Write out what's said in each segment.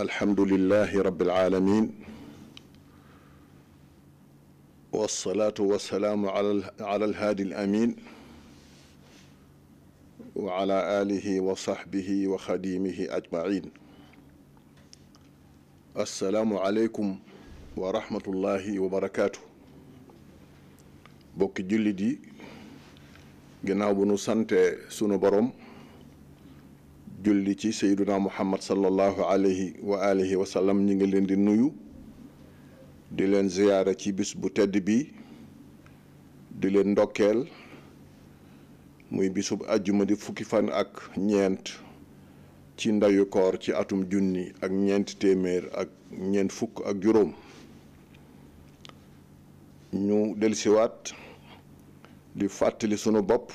alhamdulilahi rabbil aalamiin wasalaatu wasalaamu ala alhaadi alamiin wa ala aalihi wa saxbihi wa xadiimihi ajmaciin assalaamu aleykum wa rahmatullahi wa barakaatu bokki jullit yi ginnaaw bu nu sante sunu borom julli ci sayyiduna muhammad sallallahu alayhi wa alihi wa sallam ñi ngi leen di nuyu di leen ziyaara ci bis bu tedd bi di leen ndokkeel muy bisub àjjuma di fukki fan ak ñeent ci ndayu koor ci atum junni ak ñeent téeméer ak ñeent fukk ak juróom ñu dellusiwaat di fàttali sunu bopp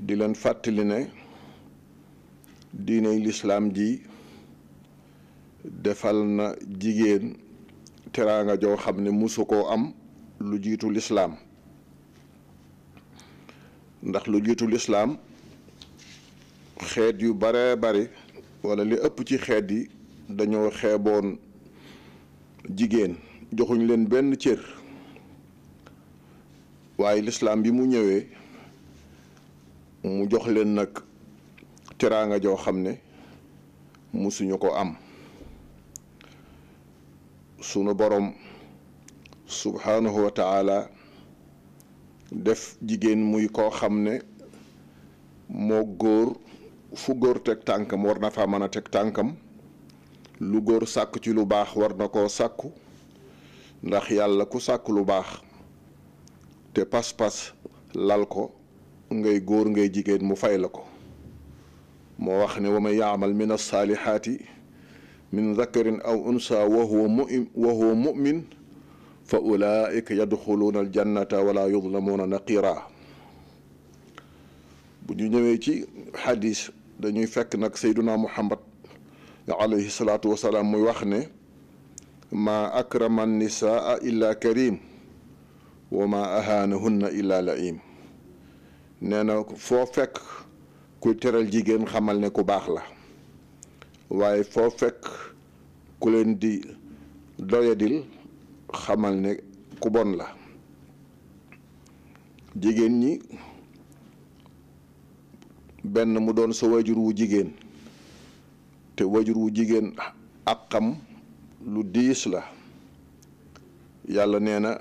di leen fàttali ne diiney lislaam ji defal na jigéen teraanga joo xam ne musu koo am lu jiitu lislaam ndax lu jiitu lislaam xeet yu bare bari wala li ëpp ci xeet yi dañoo xeeboon jigéen joxuñ leen benn cër waaye lislaam bi mu ñëwee mu jox leen nag teraanga joo xam ne musuñu ko am sunu boroom subhaanahu wa def jigéen muy koo xam ne moo góor fu góor teg tànkam war na fa mën a teg tànkam lu góor sàkk ci lu baax war na koo sàkku ndax yàlla ku sàkk lu baax te pas-pas lal ko ngay góor ngay jigéen mu fay la ko moo wax ne wa man yaamal min min dakarin aw unsa wa huwa mumin wa huwa mumin fa ulaika yadxuluuna aljannata wala yudlamuuna naqira bu ñu ñëwee ci xadis dañuy fekk nag sayduna muhammad alayhi salaatu wasalaam muy wax ne maa akrama nisaa illa karim wa ma ahaanahunna illa laim nee fekk kuy teral jigéen xamal ne ku baax la waaye foo fekk ku leen di doyadil xamal ne ku bon la jigéen ñi benn mu doon sa wajur wu jigéen te wajur wu jigéen ak xam lu diis la yàlla nee na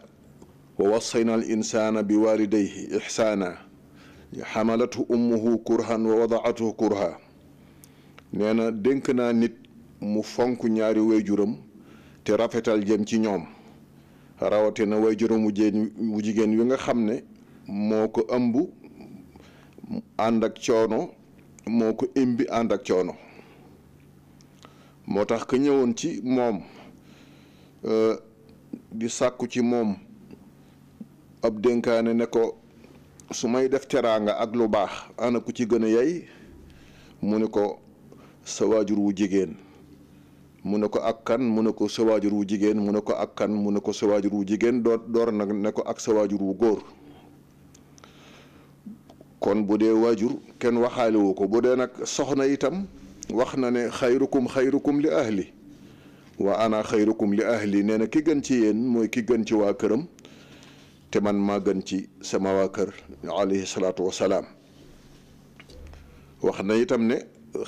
wa wasaynal insaana bi waalidayhi ihsaana xamalatu ummuhu kurhan wa wadaatuhu kurha nee na dénk naa nit mu fonk ñaari wayjuram te rafetal jëm ci ñoom rawatina wayjuram wu jigéen wu jigéen wi nga xam ne moo ko ëmb ànd ak coono moo ko imbi ànd ak coono moo tax ka ñëwoon ci moom euh, di sàkku ci moom ab dénkaane ne ko su may def teraanga ak lu baax ana ku ci gën a yey mu ne ko sa waajur wu jigéen mu ne ko ak kan mu ne ko sa waajur wu jigéen mu ne ko ak kan mu ne ko sa waajur jigéen door door nag ne ko ak sa waajur wu góor kon bu dee waajur kenn waxaalewu ko bu dee nag soxna itam wax na ne xayrukum xayrukum li ahli waa ana xayrukum li ahli nee na ki gën ci yéen mooy ki gën ci waa këram te man maa gën ci sama waa kër alayhi salaatu wa salaam wax na itam ne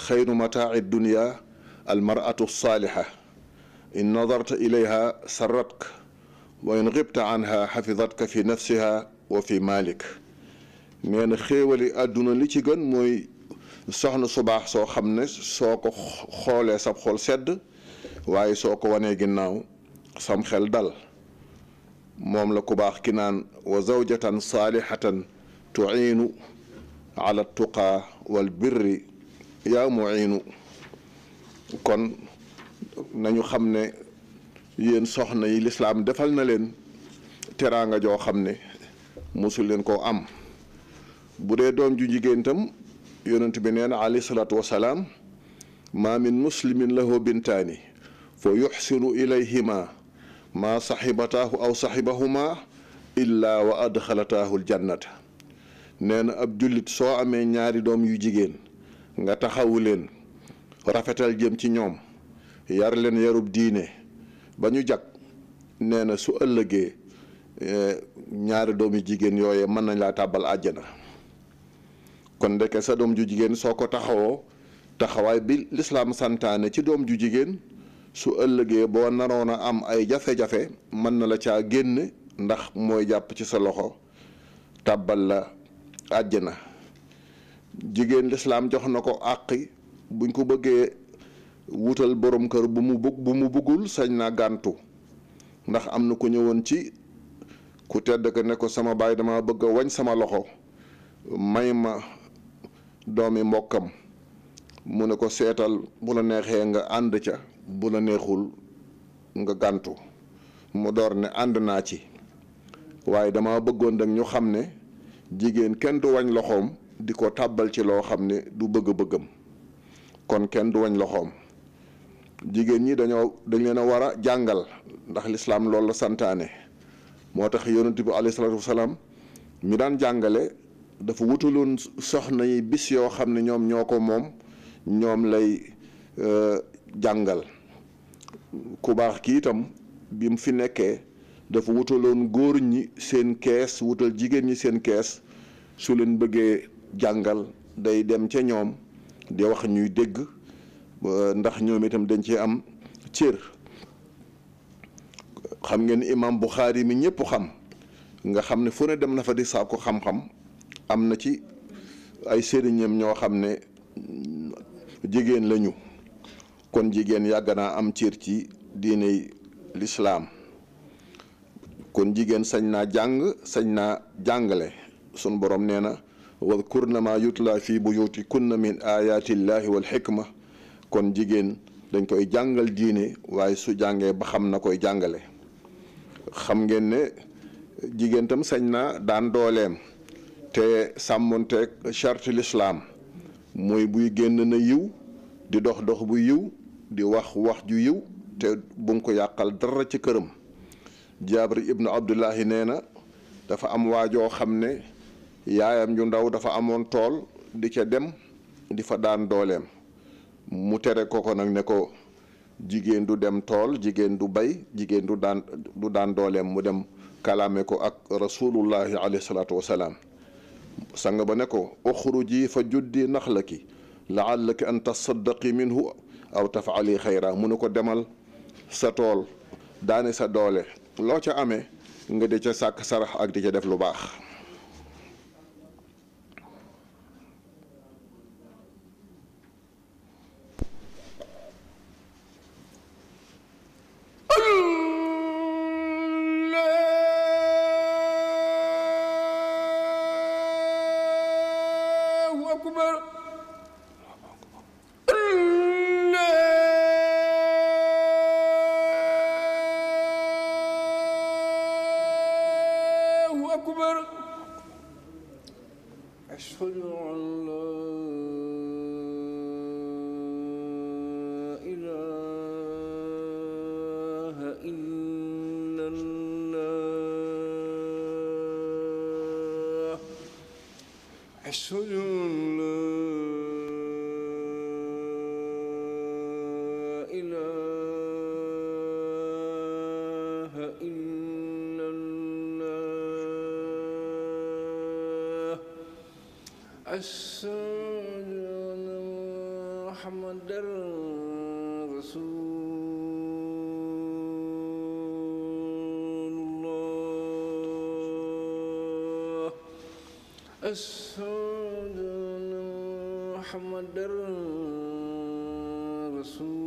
xayru mataai dunia almaratu saaliha in nadarta ilayha sarratka wa in xibta anha xafidatka fi nafsiha wa fi malik nee na xéewali àdduna li ci gën mooy soxna su baax soo xam ne soo ko xoolee sab xol sedd waaye soo ko wanee ginnaaw sam xel dal moom la ku baax ki naan wa zawjatan saalihatan tuiinu ala tuqaa wal birri yaa muiinu kon nañu xam ne yéen soxna yi lislaam defal na leen teraanga joo xam ne mosul leen koo am bu dee doom ju jigéen tam yonent bi nee na alayhi salaatu wasalaam maa min muslimin lahu bintaani fa yuxsinu ilayhima maa saxibataahu aw saxibahuma illaa wa adxalataahul jannata nee na ab jullit soo amee ñaari doom yu jigéen nga taxawu leen rafetal jëm ci ñoom yar leen yarub diine ba ñu jag nee na su ëllëgee eh, ñaari doom yu jigéen yooye mën nañ laa tàbbal àjjana kon ndeke sa doom ju jigéen soo ko taxawoo taxawaay bi lislaam santaane ci doom ju jigéen su ëllëgee boo naroon a am ay jafe-jafe mën na la ca génn ndax mooy jàpp ci sa loxo tàbbal la àjj na jigéen lislaam jox na ko àqi buñ ko bëggee wutal borom kër bu mu buggul bu mu sañ naa gàntu ndax am na ku ñëwoon ci ku tedd ko ne ko sama baay dama bëgg wañ sama loxo may ma doomi mbokkam mu ne ko seetal bu la neexee nga ànd ca bu la neexul nga gàntu mu door ne ànd naa ci waaye dama bëggoon nag ñu xam ne jigéen kenn du wañ loxoom di ko tàbbal ci loo xam ne du bëgg-bëggam kon kenn du wañ loxoom jigéen ñi dañoo dañ leen a war a jàngal ndax lislaam loolu la santaane moo tax yonent bi alayhi salaatu wasalaam mi daan jàngale dafa wutaloon soxna yi bis yoo xam ne ñoom ñoo ko moom ñoom lay euh, jàngal ku baax kii itam bi mu fi nekkee dafa wutaloon góor ñi seen kees wutal jigéen ñi seen kees su leen bëggee jàngal day dem ca ñoom di wax ñuy dégg ndax ñoom itam dañ ci am cër xam ngeen imam xaari mi ñëpp xam nga xam ne fu ne dem na fa di saako xam-xam am na ci ay sëriñam ñoo xam ne jigéen lañu kon jigéen yàgg naa am cër ci diiney lislaam kon jigéen sañ naa jàng sañ naa jàngale sun borom nee na wadkurna ma yutla fi buyuti kunna min ayatillahi wal xikma kon jigéen dañ koy jàngal diine waaye su jàngee ba xam na koy jàngale xam ngeen ne jigéen sañ naa daan dooleem te sàmmonteeg charte lislaam mooy buy génn na yiw di dox dox bu yiw di wax wax ju yiw te bu ko yàqal dara ci këram jaabir ibnu abdullahi nee na dafa am waajoo xam ne yaayam ju ndaw dafa amoon tool di ca dem di fa daan dooleem mu tere ko ko nag ne ko jigéen du dem tool jigéen du bay jigéen du daan daan dooleem mu dem kalaame ko ak rasulullahi alayhi salaatu wasalaam sang ba ne ko uxruji fa juddi naxlaki laallaki an tasaddaqi minhu aw tafaali xayra mu ne ko demal sa tool daane sa doole loo ca amee nga di ca sàkk sarax ak di ca def lu baax su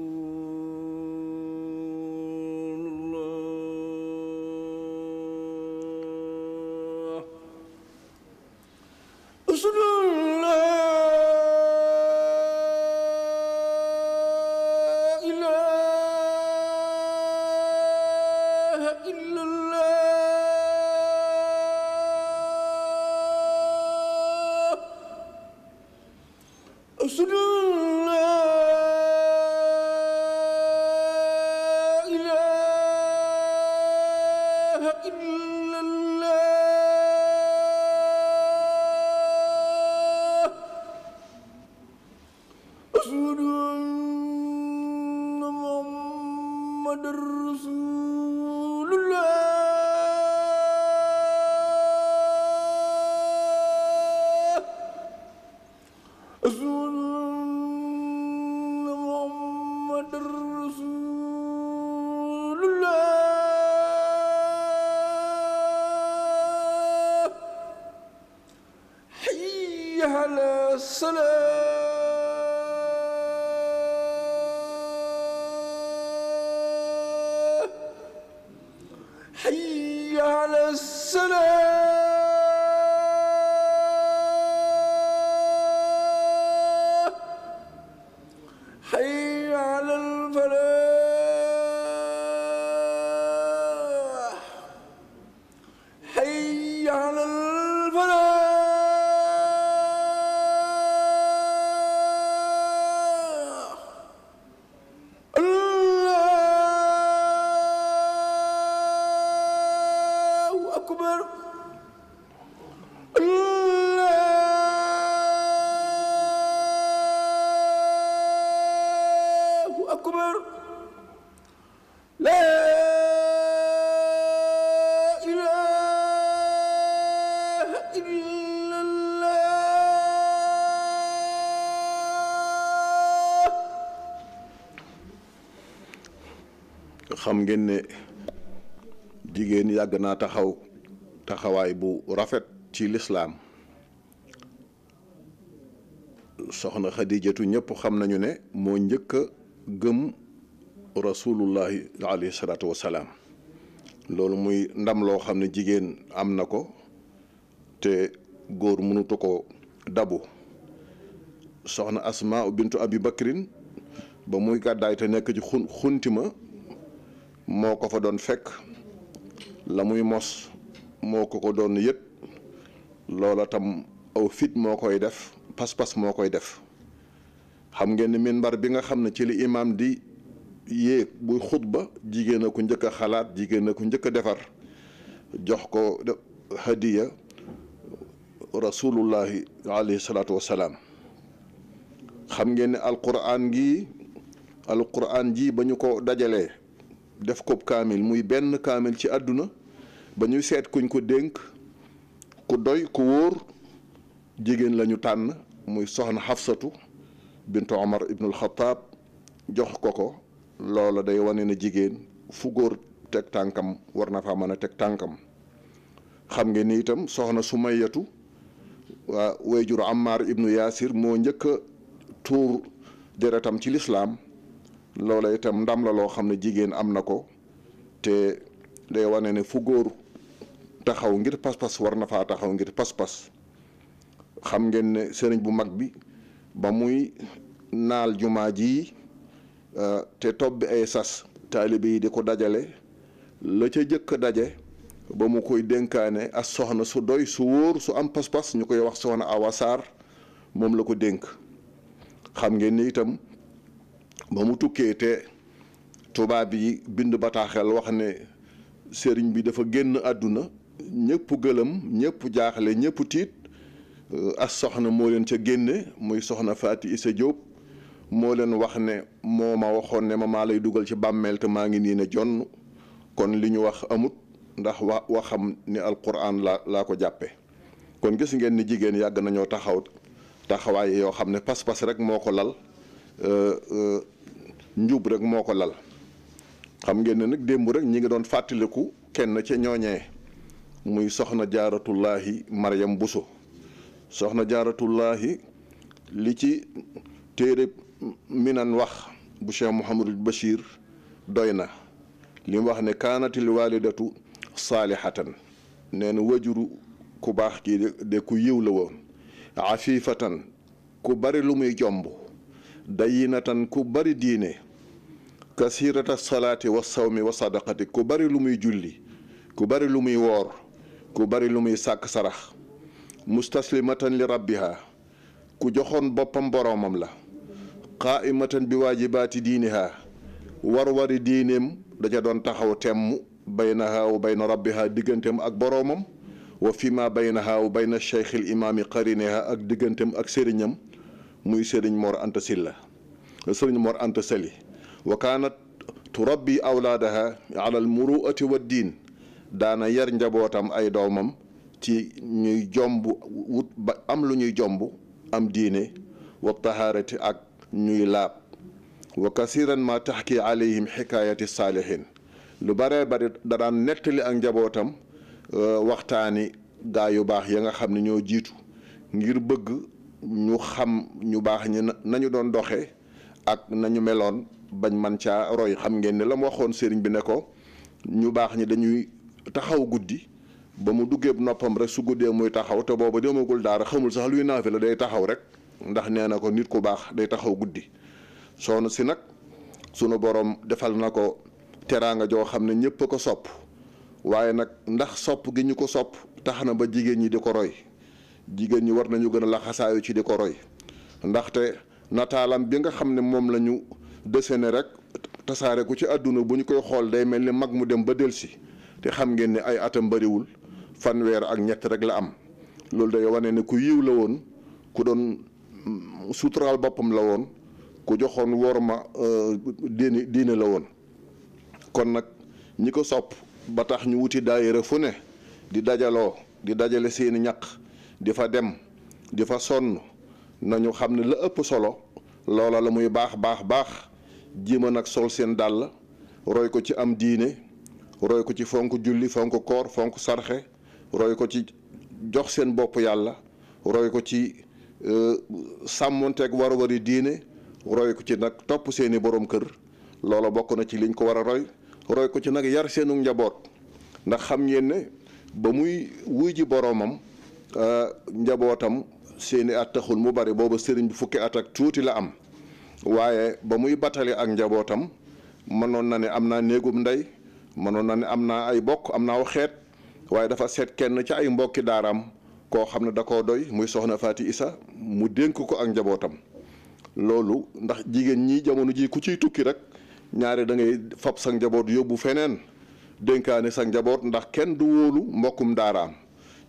xam ngeen ne jigéen yàgg naa taxaw taxawaay bu rafet ci lislaam soxna xadijatu ñépp xam nañu ne moo njëkk a gëm rasulullahi alayhi salaatu wasalaam loolu muy ndam loo xam ne jigéen am na ko te góor mënutu ko dabu soxna asma bintu abi bakrin ba muy gàddaay te nekk ci xun xuntima moo ko fa doon fekk la muy mos moo ko ko doon yëg loola tam aw fit moo koy def pas-pas moo koy def xam ngeen ni minbar bi nga xam ne ci li imaam di yéeg bu xutba jigéen a ko njëkk a xalaat jigéen a ko njëkk defar jox ko hadiya rasulullahi alayhi salaatu wassalaam xam ngeen ni alquran gi alquran ji ba ñu ko dajalee def ko kaamil muy benn kaamil ci àdduna ba ñuy seet kuñ ko dénk ku doy ku wóor jigéen lañu tànn muy soxna xafsatu bintu omar ibnul xataab jox ko ko loola day wane na jigéen fu góor teg tànkam war na faa mën a teg tànkam xam nga ni itam soxna sumayatu waa wejur ammar ibnu yaasir moo njëkk a tuur deretam ci lislaam loola itam ndam la loo xam ne jigéen am na ko te day wane ne fu góor taxaw ngir pas-pas war na faa taxaw ngir pas-pas xam ngeen ne sëriñ bu mag bi ba muy naal jumaa ji euh, te topp bi ay sas taalibe yi di ko dajale la ca jëkk daje ba mu koy dénkaane as soxna su doy su wóor su am pas-pas ñu koy wax soxna awasaar moom la ko dénk xam ngeen ni itam ba mu tukkee te tubaab yi bind bataaxel wax ne sëriñ bi dafa génn àdduna ñëpp gëlëm ñëpp jaaxle ñëpp tiit euh, as soxna moo leen ca génne muy soxna Faati Isa Jóob moo leen wax ne moo ma waxoon ne ma maa lay dugal ci bàmmeel te maa ngi nii ne jonn kon li ñu wax amut ndax wa waxam ni alquran laa laa ko jàppe kon gis ngeen ni jigéen yàgg nañoo taxaw taxawaay yoo xam ne pas-pas rek moo ko lal euh, euh, njub rek moo ko lal xam ngeen ne nag démb rek ñi ngi doon fàttaliku kenn ca ñooñee muy soxna jaaratullaahi maryam Bousso soxna jaaratullaahi li ci téere minan wax bu Cheikh Mouhamadul Bachir doy na li wax ne kaanatil walidatu saalihatan nee na wajuru ku baax kii de ku yiw la woon afifatan ku bari lu muy jomb dayinatan ku bari diine kasirata salaati wa sawmi wa sadaqati ku bari lu muy julli ku bari lu muy woor ku bari lu muy sàkk sarax mustaslimatan li rabbiha ku joxoon boppam boroomam la qaa'imatan bi waajibaati diiniha war-wari diineem da ca doon taxaw temm baynaha wa bayna rabbiha digganteem ak boroomam wa fi ma baynaha wa bayna sheykhil imaami qariniha ak digganteem ak sëriñam muy sëriñ Mor Anta la sëriñ Mor Anta Sali wa kaanat turabbi awlaadaha ala al muruati wa diin daana yar njabootam ay doomam ci ñuy jomb wut ba am lu ñuy jomb am diine wa tahaarati ak ñuy laab wa kasiran ma taxki alayhim xikaayati saalihin lu bare bari da daan nettali ak njabootam euh, waxtaani gaa yu baax ya nga xam ni ñoo jiitu ngir bëgg ñu xam ñu baax ñi nañu doon doxee ak nañu meloon bañ man caa roy xam ngeen ne la mu waxoon sëriñ bi ne ko ñu baax ñi dañuy taxaw guddi ba mu duggee noppam rek su guddee muy taxaw te booba demagul daara xamul sax luy naafi la day taxaw rek ndax nee na ko nit ku baax day taxaw guddi soxna si nag sunu borom defal na ko teraanga joo xam ne ñëpp ko sopp waaye nag ndax sopp gi ñu ko sopp tax na ba jigéen ñi di ko roy jigéen ñi war nañu gën a laxasaayu ci di ko roy ndaxte nataalam bi nga xam ne moom la ñu dessiné rek tasaare ku ci àdduna bu ñu koy xool day mel ni mag mu dem ba si te xam ngeen ne ay atam bariwul fanweer ak ñett rek la am loolu day wane ne ku yiw la woon ku doon mm, suturaal boppam la woon ku joxoon worma euh, diine diine la woon kon nag ñi ko sopp ba tax ñu wuti daayira fu ne di dajaloo di dajale seeni ñaq di fa dem di fa sonn nañu xam ne la ëpp solo loola la muy baax baax baax jéema nag sol seen dàll roy ko ci am diine roy ko ci fonk julli fonk koor fonk sarxe roy ko ci jox seen bopp yàlla roy ko ci euh, sàmmonteeg war-wari diine roy ko ci nag topp seeni borom kër loola bokk na ci liñ ko war a roy roy ko ci nag yar seenu njaboot ndax xam ngeen ba muy wuy ji boroomam Euh, njabootam seeni at taxul mu bari booba sëriñ bi fukki at ak tuuti la am waaye ba muy batale ak njabootam mënoon na ne am na néegum ndey mënoon na ne am na ay bokk am na aw xeet waaye dafa seet kenn ci ay mbokki daaraam koo xam ne da koo doy muy soxna Faati Isa mu dénk ko ak njabootam loolu ndax jigéen ñi jamono ji ku ciy tukki rek ñaare da ngay fab sa njaboot yóbbu feneen dénkaane sa njaboot ndax kenn du wóolu mbokkum daaraam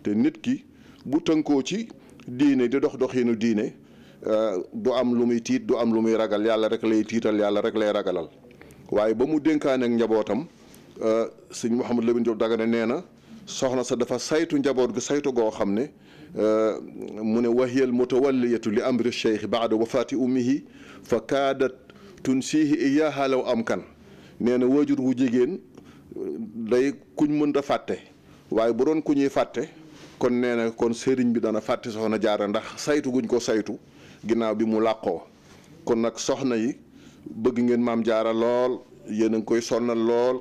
te nit ki bu tënkoo ci diine di dox doxinu diine euh, du am lu muy tiit du am lu muy ragal yàlla rek lay tiital yàlla rek lay ragalal waaye ba mu dénkaane ak njabootam euh, sëñ Mouhamed Lamine Diop Dagana nee na soxna sa dafa saytu njaboot gi saytu goo xam ne euh, mu ne wahiyal mutawalliyatu li am amri cheikh baada wafaati ummihi fa kaadat tunsihi iyaha law am kan nee na waajur wu jigéen day kuñ mën mënta fàtte waaye bu doon ku ñuy fàtte kon nee na kon sëriñ bi dana fàtte soxna jaara ndax saytu guñ ko saytu ginnaaw bi mu làqoo kon nag soxna yi bëgg ngeen maam jaara lool yéen a ngi koy sonna lool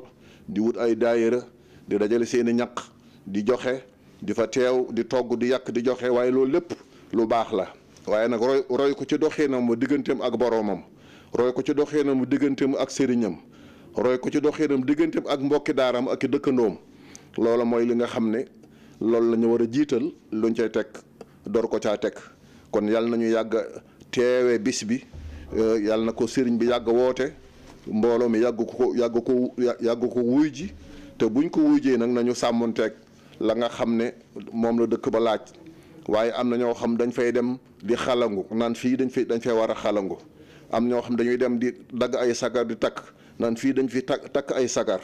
di wut ay daayira di dajale seeni i ñaq di joxe di fa teew di togg di yàq di joxe waaye loolu lépp lu baax la waaye nag roy roy ko ci doxinam mu digganteem ak boroomam roy ko ci doxinam mu digganteem ak sëriñam roy ko ci doxinam digganteem ak mbokki daaram ak i dëkkandoom loola mooy li nga xam ne loolu la ñu war a jiital luñ cay teg door ko caa tek kon yàlla nañu yàgg teewee bis bi euh, yàlla na ko sëriñ bi yàgg woote mbooloo mi yàggu ko yàgg ko yàggu ko wuy ji te buñ ko wuyjee nag nañu sàmmonteeg la nga xam ne moom la dëkk ba laaj waaye am na ñoo xam dañ fay dem di xalangu naan fii dañ fi dañ fay war a xalangu am ñoo xam dañuy dem di dagg ay sagar di takk naan fii dañ fi takk takk ay sagar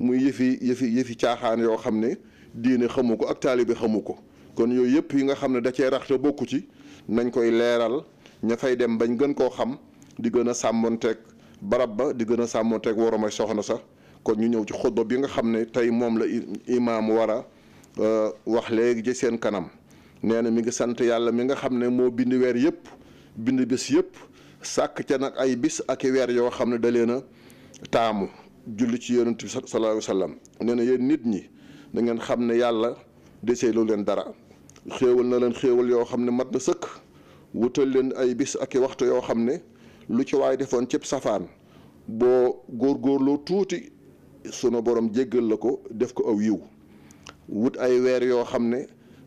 muy yëfi yëfi yëfi caaxaan yoo xam ne diine xamu ko ak taalibe xamu ko kon yooyu yëpp yi nga xam ne da cee rax te bokku ci nañ koy leeral ña fay dem bañ gën koo xam di gën a sàmmonteeg barab ba di gën a sàmmonteeg waroom ay soxna sax kon ñu ñëw ci xutba bi nga xam ne tey moom la imaam war a euh, wax léegi ci seen kanam nee na mi ngi sant yàlla mi nga xam ne moo bind weer yëpp bind bis yëpp sàkk ca nag ay bis ak i weer yoo xam ne da leen a taamu julli ci yonent bi sa alayhi wa sallam nee nit ñi da ngeen xam ne yàlla desee lu leen dara xéewal na leen xéewal yoo xam ne mat na sëkk wutal leen ay bis ak waxtu yoo xam ne lu ci waay defoon cib safaan boo góorgóorloo tuuti sunu borom jéggal la ko def ko aw yiw wut ay weer yoo xam ne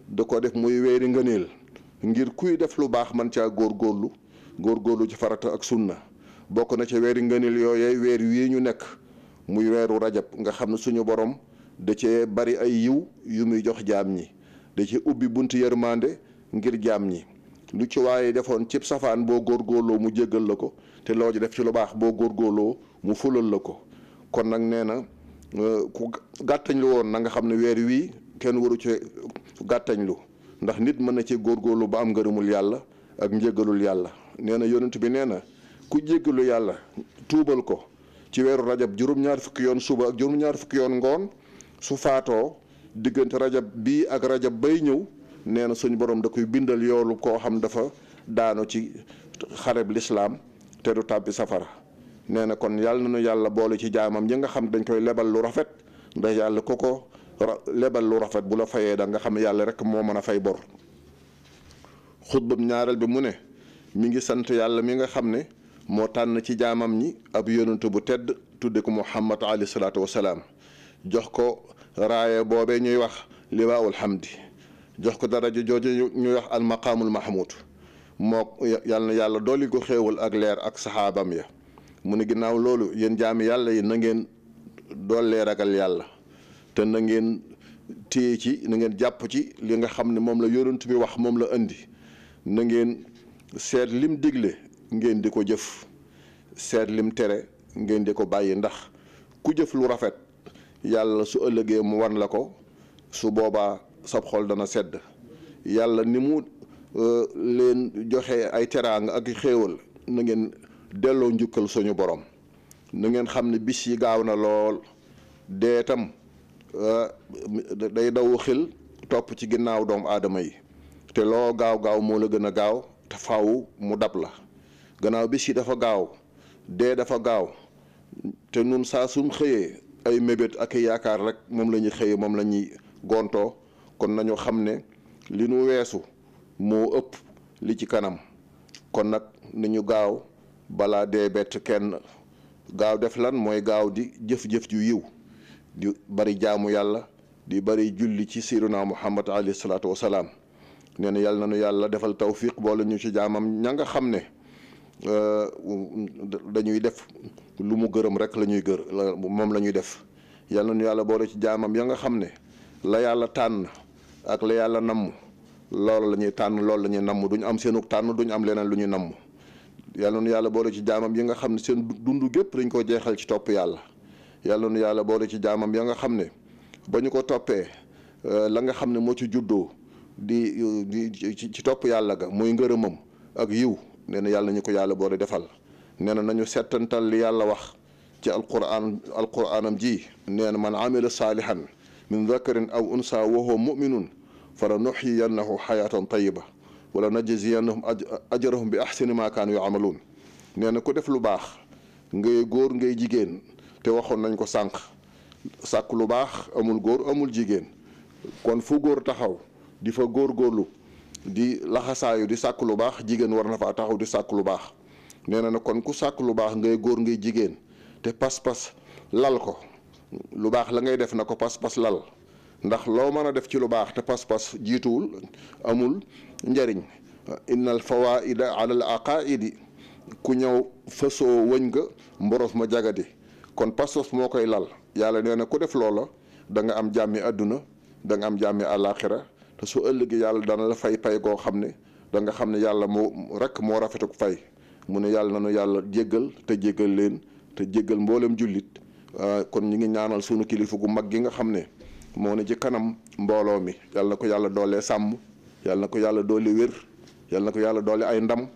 da ko def muy weeri ngëneel ngir kuy def lu baax man góor góorgóorlu góorgóorlu ci farata ak sunna bokk na ca weeri ngëneel yooyee weer wii ñu nekk muy weeru rajab nga xam ne suñu borom da cee bari ay yiw yu muy jox jaam ñi da ci ubbi buntu yërmande ngir jaam ñi lu ci waaye defoon cib safaan boo góorgóorloo mu jéggal la ko te loo ci def ci lu baax boo góor góorloo mu fulal la ko kon nag nee na euh, ku gàttañ lu woon na nga xam ne weer wii kenn waru ci gàttañ lu ndax nit mën na ci góorgóorlu ba am ngërëmul yàlla ak njéggalul yàlla nee na yonent bi nee na ku jéggalu yàlla tuubal ko ci weeru rajab juróom-ñaar fukki yoon suba ak juróom-ñaar fukki yoon ngoon su faatoo diggante rajab bii ak rajab bay ñëw nee na suñu borom da koy bindal yoolu koo xam dafa daanu ci xareb lislaam te du tàbbi safara nee na kon yàlla na nu yàlla boole ci jaamam ñi nga xam dañ koy lebal rafet ndax yàlla ko ko lebal lu rafet bu la fayee da nga xam yàlla rek moo mën a fay bor xutbam ñaareel bi mu ne mi ngi sant yàlla mi nga xam ne moo tànn ci jaamam ñi ab yonent bu tedd tudde ko muhammad alayhi salaatu wasalaam jox ko raaya boobe ñuy wax liwaawul hamdi jox ko dara daraja jooju ñuy wax almaqaamul mahmud moo yal na yàlla dooli ko xéewal ak leer ak saxaabam ya mu ne ginnaaw loolu yéen jaami yàlla yi na ngeen doollee ragal yàlla te na ngeen téye ci na ngeen jàpp ci li nga xam ne moom la yonent bi wax moom la indi na ngeen seet lim digle ngeen di ko jëf seet lim tere ngeen di ko bàyyi ndax ku jëf lu rafet yàlla su ëllëgee mu wan la ko su boobaa sab xol dana sedd yàlla ni mu euh, leen joxe ay teraanga ak xéewal na ngeen delloo njukkal suñu borom na ngeen xam ne bis yi gaaw na lool dee tam euh, day daw xil topp ci ginnaaw doomu aadama yi te loo gaaw gaaw moo la gën a gaaw te faaw mu dab la gannaaw bis yi dafa gaaw dee dafa gaaw te nun saa sum xëyee ay mébét ak yaakaar rek moom la ñuy xëyee moom la ñuy gontoo kon nañu xam ne li nu weesu moo ëpp li ci kanam kon nag ni ñu gaaw balaa dee bett kenn gaaw def lan mooy gaaw di jëf-jëf ju yiw di bari jaamu yàlla di bari julli ci siiru naa muhammad alayhi salaatu wasalaam nee na yàlla na nu yàlla defal tawfiq boole ñu ci jaamam ña nga xam ne Euh, um, um, dañuy def lu mu gërëm rek la ñuy gër moom la ñuy def yal na ñu yàlla boole ci jaamam ya nga xam ne la yàlla tànn ak la yàlla namm loolu la ñuy tànn loolu la ñuy namm duñ am seenug tànn duñ am leneen lu ñuy namm yal na ñu yàlla boole ci jaamam yi nga xam ne seen dund gépp dañ ko jeexal ci topp yàlla yal na ñu yàlla boole ci jaamam ya nga xam ne ba ñu ko toppee euh, la nga xam ne moo ci juddoo di di ci topp yàlla ga muy ngërëmam ak yiw nee na yàlla nañu ko yàlla boole defal nee na nañu settantal li yàlla wax ci alquran alquranam ji nee na man amila saalihan min dakarin aw unsa wa huwa muminun fala nuxyiyannahu xayaatan tayiba wala najziyannahum ajrahum bi axsani ma kaanu yaamaluun nee na ku def lu baax ngay góor ngay jigéen te waxoon nañ ko sànq sàkk lu baax amul góor amul jigéen kon fu góor taxaw di fa góor góorlu di laxasaayu di sàkk lu baax jigéen war na faa taxaw di sàkk lu baax nee na na kon ku sàkk lu baax ngay góor ngay jigéen te pas-pas lal ko lu baax la ngay def na ko pas-pas lal ndax loo mën a def ci lu baax te pas-pas jiituwul amul njariñ innal fawaida alal aqaidi ku ñëw fësoo wëñ nga mboros ma jagadi kon pas-pas moo koy lal yàlla nee na ku def loola da nga am jàmmi àdduna da nga am jàmmi àllaaxira te su ëllëgee yàlla dana la fay pay koo xam ne da nga xam ne yàlla moo rek moo rafetuk fay mu ne yàlla na nu yàlla jéggal te jéggal leen te jéggal mboolem jullit ah, kon ñu ngi ñaanal sunu kilifa gu mag gi nga xam ne moo ne ci kanam mbooloo mi yàlla na ko yàlla doole sàmm yàlla na ko yàlla doole wér yàlla na ko yàlla doole ay ndam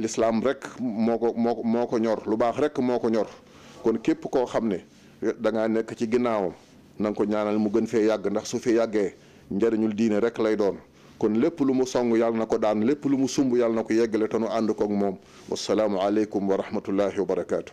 lislaam rek moo ko moo moo ko ñor lu baax rek moo ko ñor kon képp koo xam ne da nekk ci ginnaawam na ko ñaanal mu gën fee yàgg ndax su fi yàggee njariñul diine rek lay doon kon lépp lu mu song yàlla na ko daan lépp lu mu sumb yàlla na ko yeggale te nu ànd koog moom wasalaamu aleykum wa rahmatullahi wa barakaatu.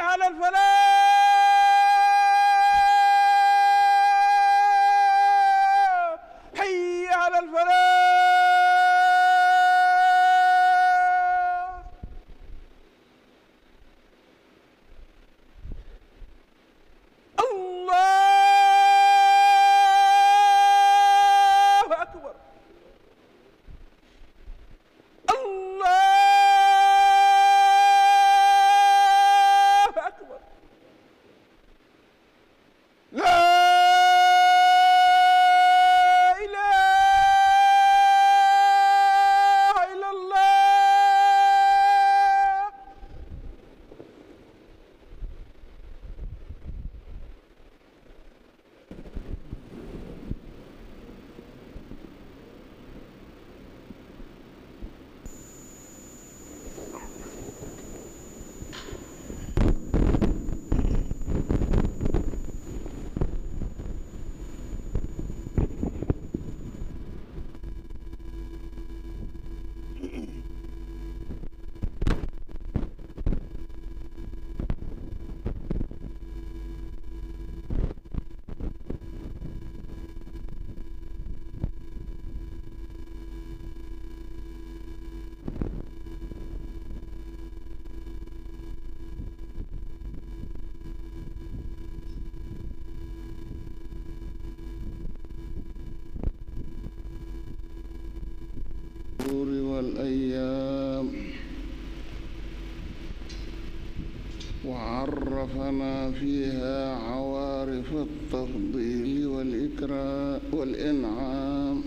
على الفلاح والشهور والأيام وعرفنا فيها عوارف التفضيل والإكرام والإنعام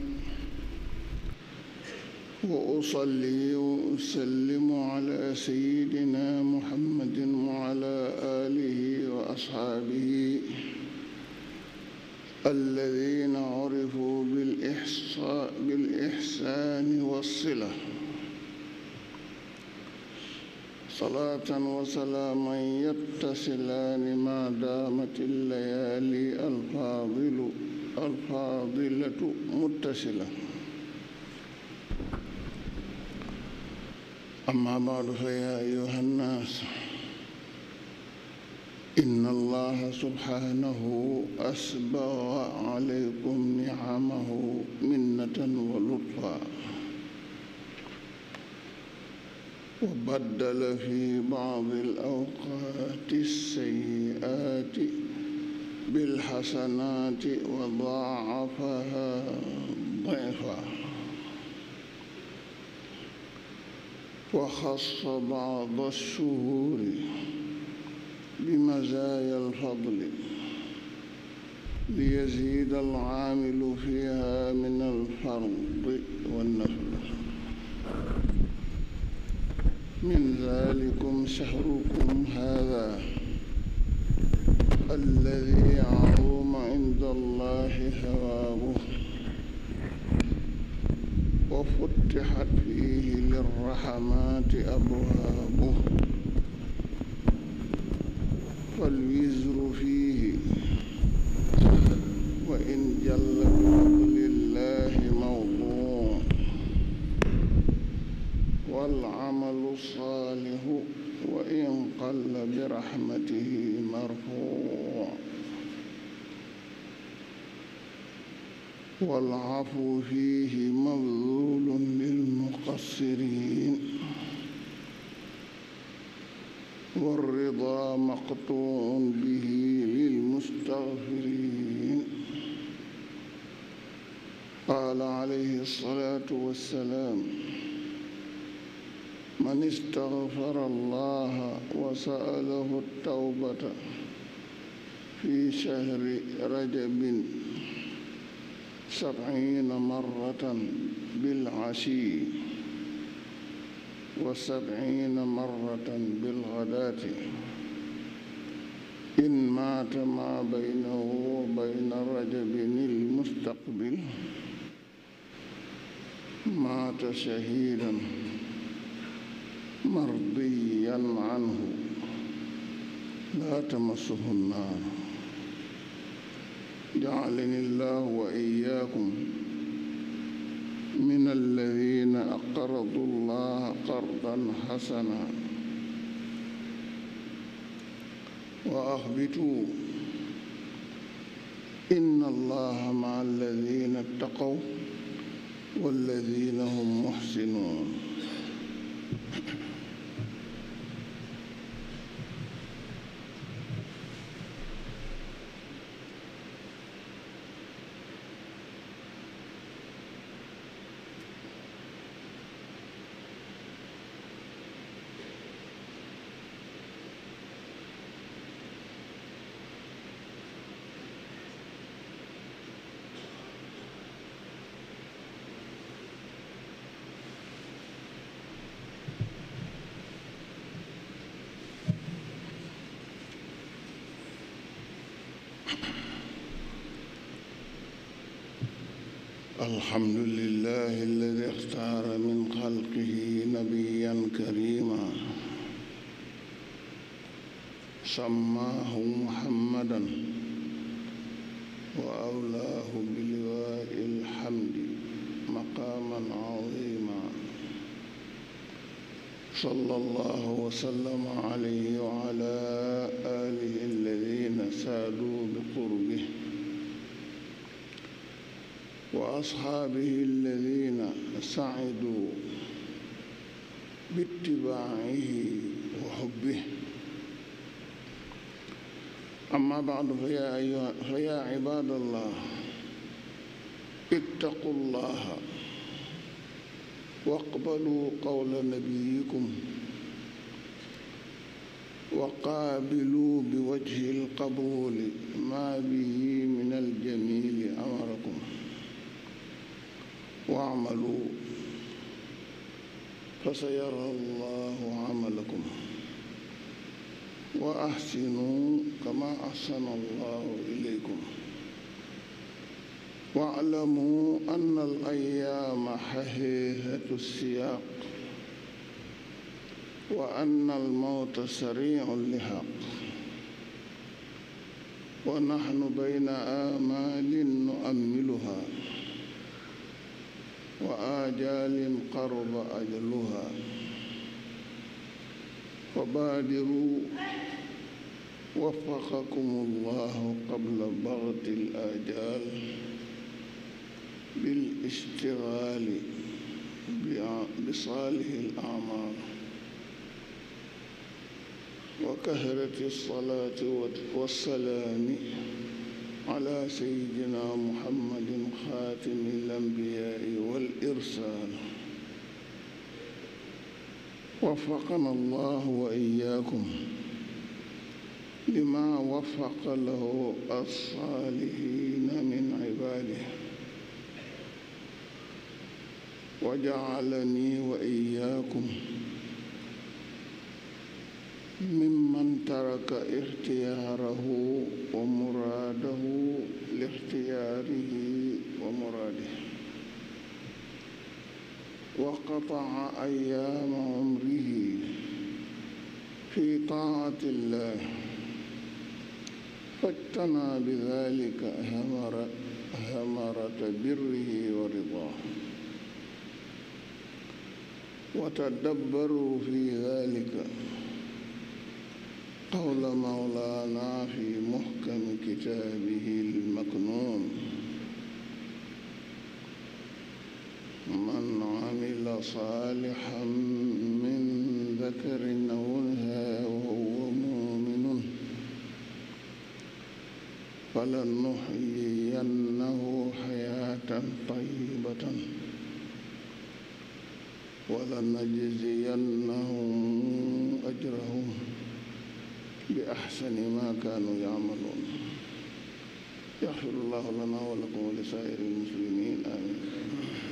وأصلي وأسلم على سيدنا محمد وعلى آله وأصحابه الذين عرفوا بالإحسان والصلة صلاة وسلاما يتصلان ما دامت الليالي الفاضل الفاضلة متصلة أما بعد فيا أيها الناس إن الله سبحانه أسبغ عليكم نعمه منة ولطفا وبدل في بعض الأوقات السيئات بالحسنات وضاعفها ضعفا وخص بعض الشهور بمزايا الفضل ليزيد العامل فيها من الفرض والنفل من ذلكم شهركم هذا الذي عظم عند الله ثوابه وفتحت فيه للرحمات أبوابه فالوزر فيه وإن جل بفضل الله موضوع والعمل الصالح وإن قل برحمته مرفوع والعفو فيه مبذول للمقصرين والرضا مقطوع به للمستغفرين قال عليه الصلاة والسلام من استغفر الله وسأله التوبة في شهر رجب سبعين مرة بالعشي وسبعين مرة بالغداة إن مات ما بينه وبين رجب المستقبل مات شهيدا مرضيا عنه لا تمسه النار جعلني الله وإياكم من الذين أقرضوا الله قرضا حسنا وأخبتوا إن الله مع الذين اتقوا والذين هم محسنون الحمد لله الذي اختار من خلقه نبيا كريما سماه محمدا وأولاه بلواء الحمد مقاما عظيما صلى الله وسلم عليه وعلى آله الذين سادوا بقربه واصحابه الذين سعدوا باتباعه وحبه اما بعد فيا أيها فيا عباد الله اتقوا الله واقبلوا قول نبيكم وقابلوا بوجه القبول ما به من الجميل waamalu fasayara allahu amalakum wa ahsinu kama ahsana allahu ilaykum واعلموا أن الأيام حهيهة السياق وأن الموت سريع اللحاق ونحن بين آمال نؤملها wa ajalin qarba ajaluha fa baadiru waffaqakum allahu qabla bagti al ajal bil ishtigaali bi saalihi al amal wa kahrati salaati wa salaami ala sayyidina muhammad خاتم الأنبياء والإرسال وفقنا الله وإياكم لما وفق له الصالحين من عباده وجعلني وإياكم ممن ترك اختياره ومراده لاختياره ومراده وقطع أيام عمره في طاعة الله فاجتمع بذلك همرة, همرة بره ورضاه وتدبروا في ذلك قول مولانا في محكم كتابه المكنون من عمل صالحا من ذكر أو أنثى وهو مؤمن فلنحيينه حياة طيبة ولنجزينهم أجرهم بأحسن ما كانوا يعملون يغفر الله لنا ولكم ولسائر المسلمين آمين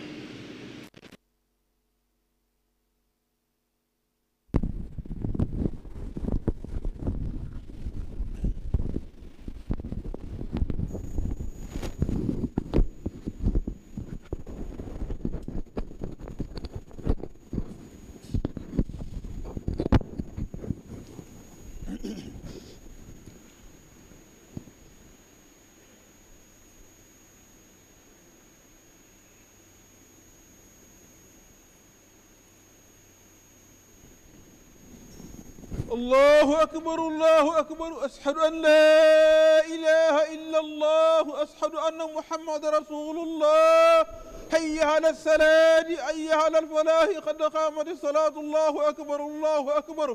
allahu akbar allahu akbar ashadu an laa ilaha illa allah ashadu anna muhammadan rasulullah hayya ala salaati hayya ala falaahi qad qaamati salaatu allahu akbar allahu akbar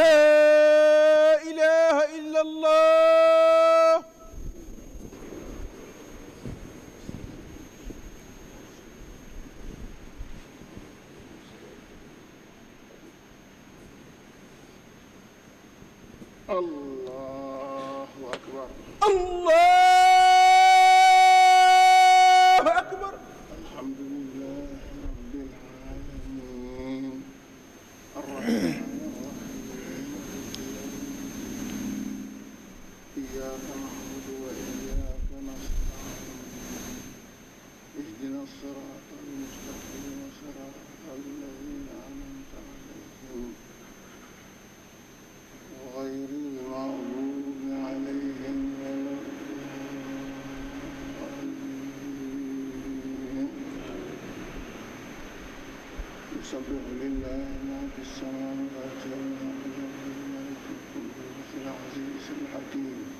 laa ilaha illa allah نعبد وإياك نستعين اهدنا الصراط المستقيم صراط الذين أنعمت عليهم غير المغضوب عليهم ولا يسبح لله ما في السماوات والأرض والملك القدوس العزيز الحكيم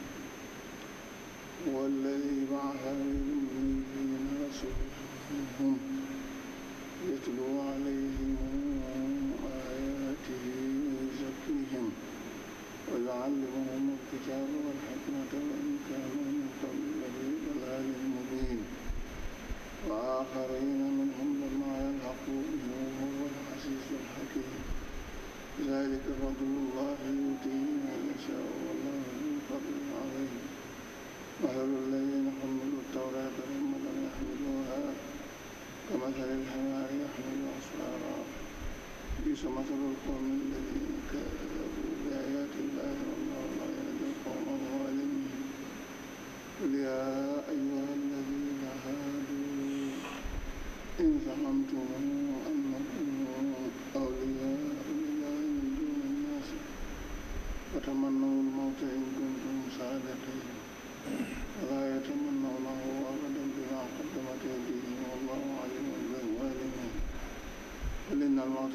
هو الذي بعث في الأميين رسولا منهم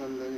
kontaan la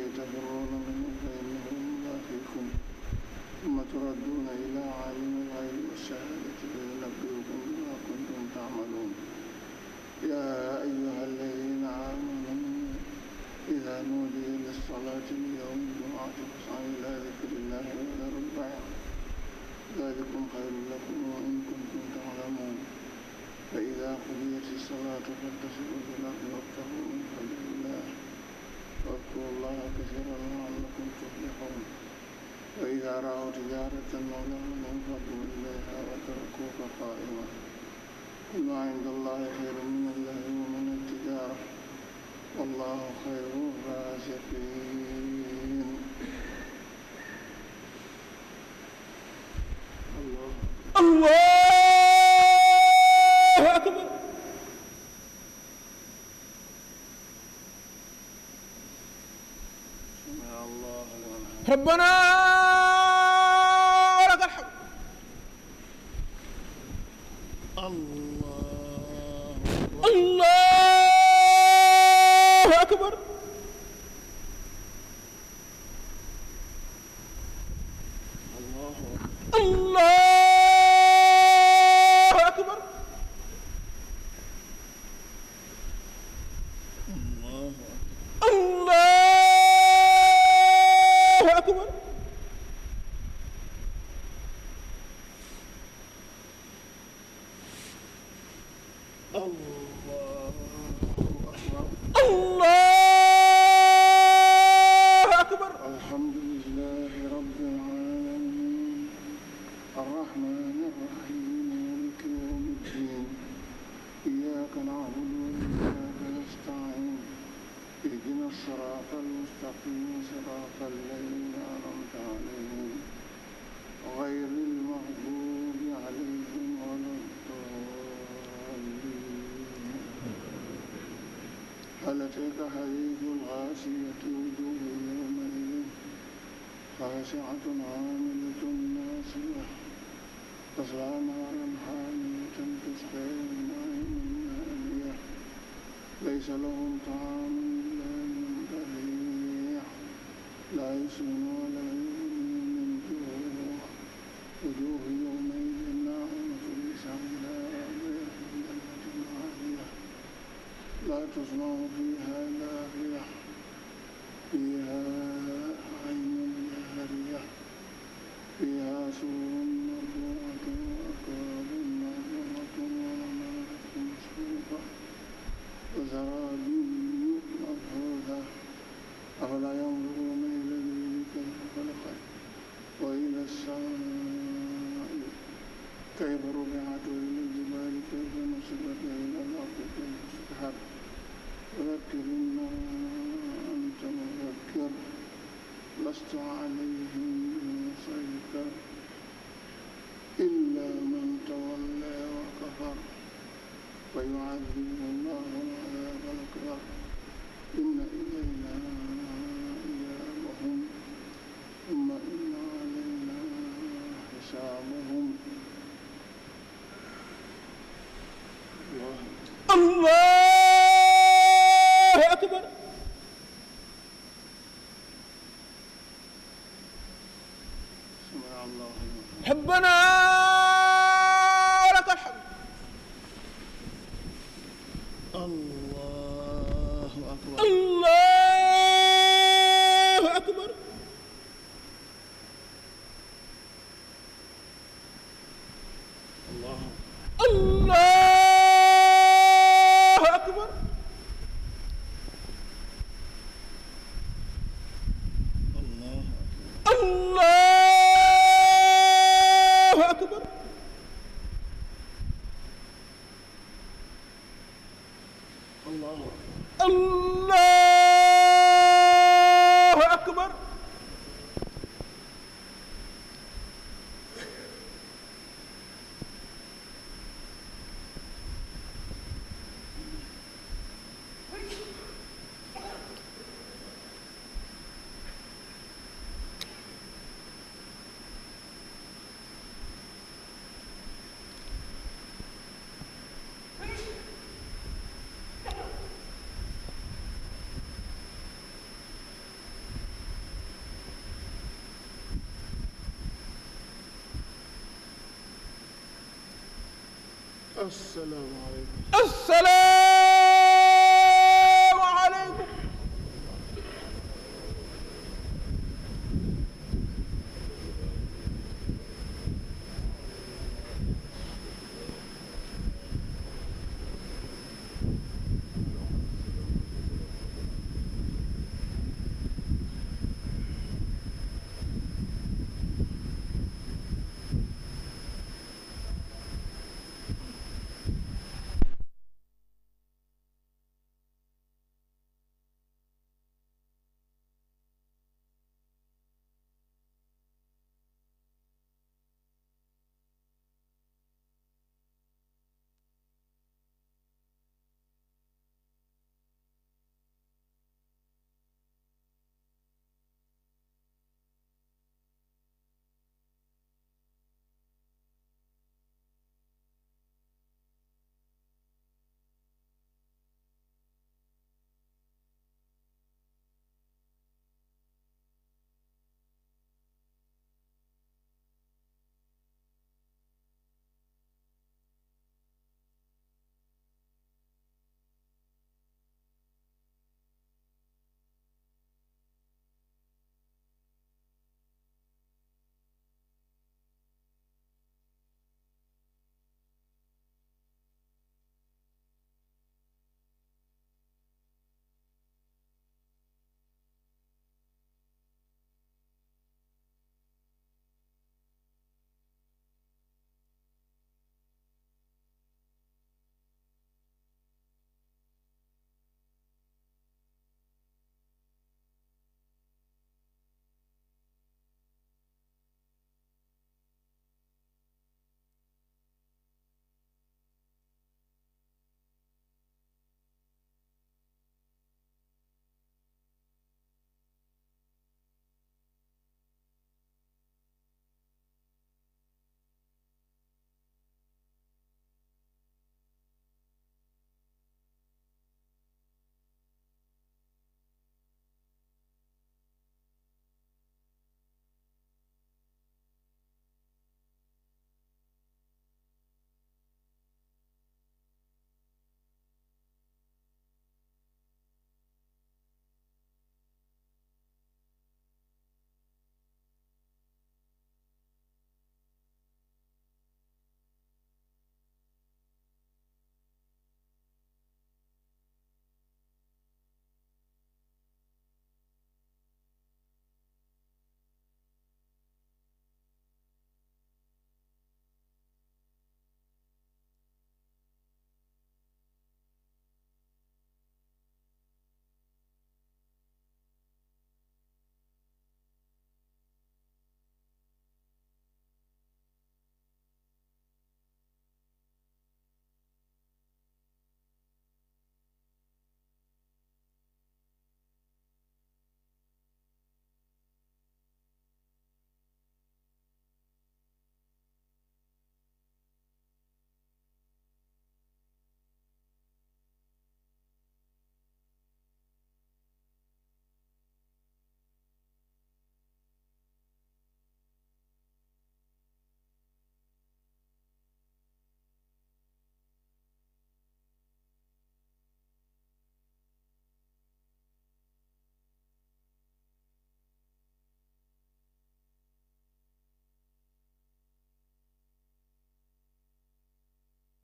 ربنا شرور من جوع وجوه يومئذ ناعمة لسعيها لا تسمع فيها asalaamaaleykum.